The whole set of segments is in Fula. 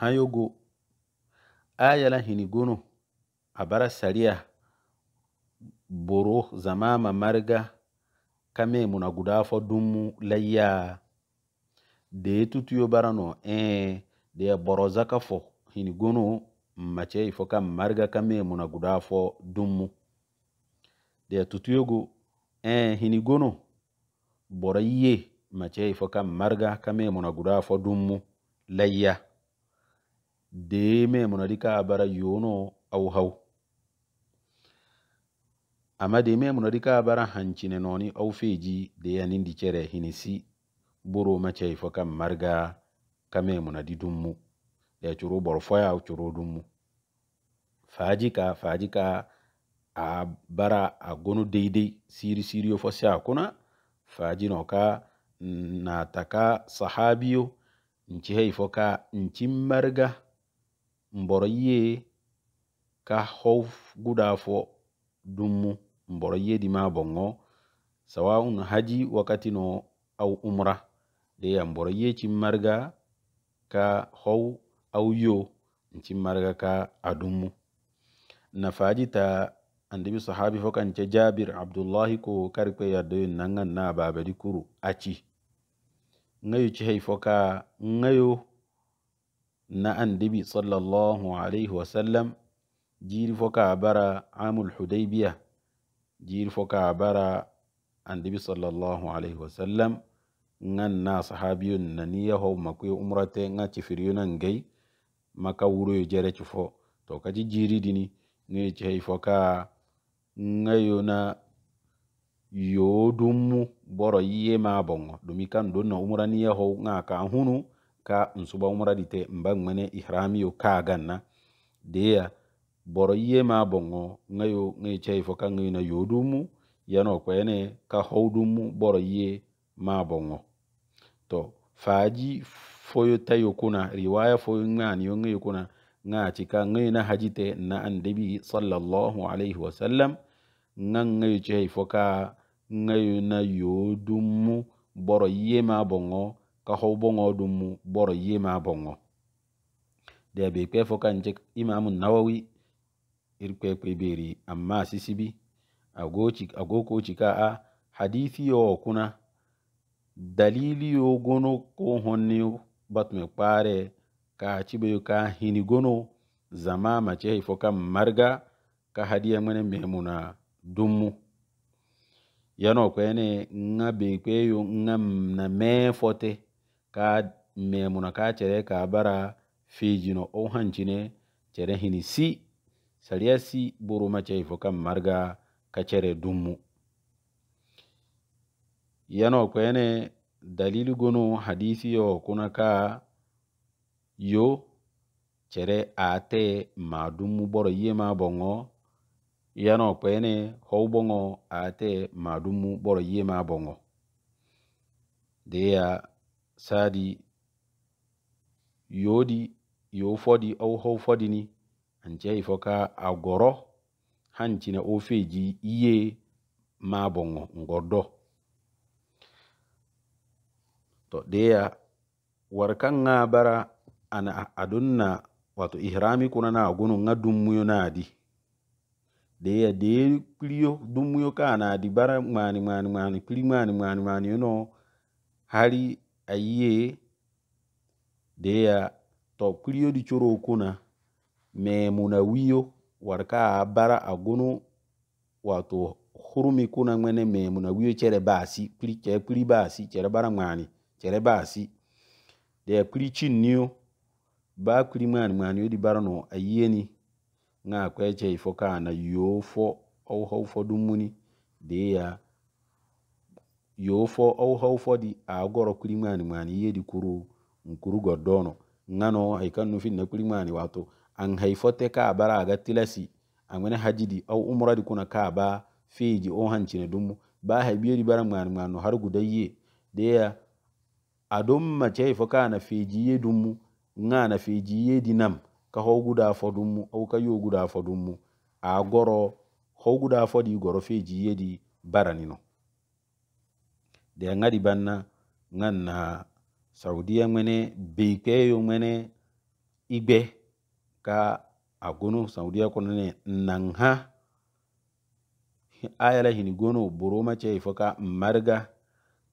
hanyogo ayala hinigono abara sariya boro zama ma mamarga kame muna guda fo dummu layya de tutuyo barano eh de boro zaka fo hinigono mace ifo kan marga kame muna guda fo dummu de tutuyogo eh hinigunu boro yiye mace ifo kan marga kame muna guda fo dummu layya deme mona rika abara yono au hau amma deme mona rika abara hancine noni au feji deyanindi cere hinisi buro macai fo kam marga kame mona di dummu ya curu bor foya au curu dummu fajika fajika a bara a gonu deidei siri siriyo fo si a kuna fajino ka nataka sahabiyo nci hei fo ka nci marga mbɔrɔ yie ka hɔu gudaafɔ dummu di yedima bɔngɔ sawaun haji wakati no au umra deya mbɔrɔ ye marga ka hɔu au yo marga ka na faji ta bi sahabi fo kance jabir abdullahi ko ya yaddoyin nangan na babadi kuru aci Ngayo cihei fo ka ngayo. na andibi sallallahu alaihi wasallam jiri foka bara amul hudaybiya jiri foka bara andibi sallallahu alaihi wasallam ngan na sahabiyun na niya yaho makwe umrate nga cifiriyuna gai maka wuroyo jere cifo to kaci jiri dini ngayo cihai foka yi na yo boro yiye ma bongo dumi kan donna umra niya yaho nga ka hunu ka n suba umradite n ba ŋmene ihramiyo kaa gaŋ na deya boro yema boŋo ŋayo ŋa ye chayi fo ka ŋayo na yodummu yano kwene ka howdummu boro ye ma boŋo to faaji foyo tayo kuna riwaya foyo ŋmaaniyo ŋayo kuna ŋa ci ka ŋayo na hajite na annabi sallallahu alaihi wasallam ŋa ŋayo chayi fo ka ŋayo na yodummu boro yema boŋo ka ho bongo dumu boro yema bongo de be kwe foka nje imam nawawi irkwe kwe beri amma sisibi agochi agoko ka a hadithi yo kuna dalili yo gono ko honni me pare ka cibe ka hini gono zama mace foka marga ka hadiya mene memuna dummu yano kwene nga be kweyo nga na me fote ka memuna ka cere ka bara fijino o hancine cere hini si sariya si buruma cei fo kam marga ka cere dummu yano kwene dalilu gono hadisi yo kuna ka yo cere ate ma dummu boro yema bongo yano kwene hou bongo ate ma dummu boro yema bongo deya saadi yoodi yo fodi ow how fodi ni an jehi fo ka a goro hancina o feji iye maabongo ngordo to deya war kan ga bara ana adunna wato ihrami kuna na gunu ga dummuyo naadi deya de piliyo dummuyo ka naadi bara mani mani mani pili mani mani mani yuno hari know, ayie deya to kiriyo di coro kuna memuna wiyo warka bara agunu wato hurumi kuna ŋmene memuna wiyo chere basi kuli chere kuli basi chere bara ŋmani chere basi deya kiri chinniyo ba kiri ŋmani ŋmaniyo di bara no ayiyeni ŋa kweche ifo kana yo fo au hau fo dumuni deya yo fo aw haw fodi a goro kuli mani mani yedi kuru kuru gordono ngano ay kan no finna kuli mani wato an hay fote ka bara aga tilasi an wene hajidi aw umra di kuna ka ba feji o hancine dum ba hay biyedi bara mani mani har gudaye de ya adum ma chey fo kana feji yedum ngana feji yedi nam ka ho guda fo dum aw ka yo guda fo dum a goro ho guda fodi goro feji yedi baranino ya ngari banna ngan na saudiya beke yo mene igbe ka a gono ko ne nan ha ayala hini gono boroma ma ifɔ ka marga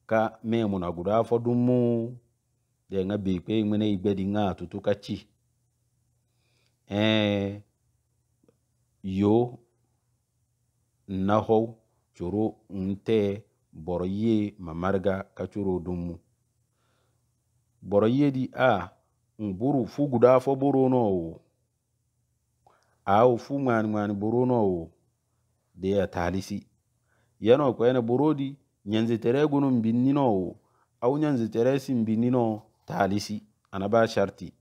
ka mɛmuna guda fɔ dumu deɛ ŋa beikɛyo ŋmɛnɛ igbe di ŋa tutu ka ci eh yo naho coro nte. boroye mamarga ka dumu. Boroye di a mburu buru fu guda fo boro no wo a wo fu mwani mwani boro no wo de talisi yano kwene borodi nyanzi tere gunu mbinni no wo au nyanzi tere si mbinni no talisi anaba sharti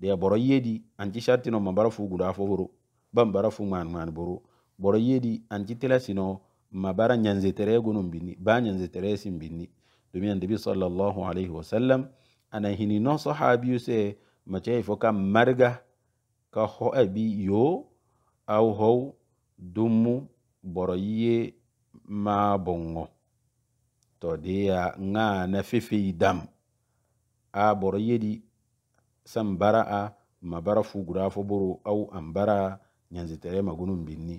Dea boroye di anchi sharti no mambara fu guda fo boro bambara fu mwani mwani boro Boroye di anchi tilasi no mabara ñanzetereego num binni baa ñanzetere sin binni ɗumi annabi salllahu alayhi wa sallam ana hinino sahabiyu se macayi fo ka marga ka ho abi yo au how dummu boro yiye ma bongo to deya ŋana fefeyi dam a boro yedi san bara a mabara fuguraa fo boro au an bara ñanzetere magunum binni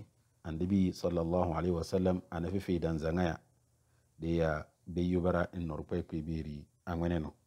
annabi sallallahu alaihi wasallam ana fifi dan zangaya da ya bayu bara in norpe pibiri a no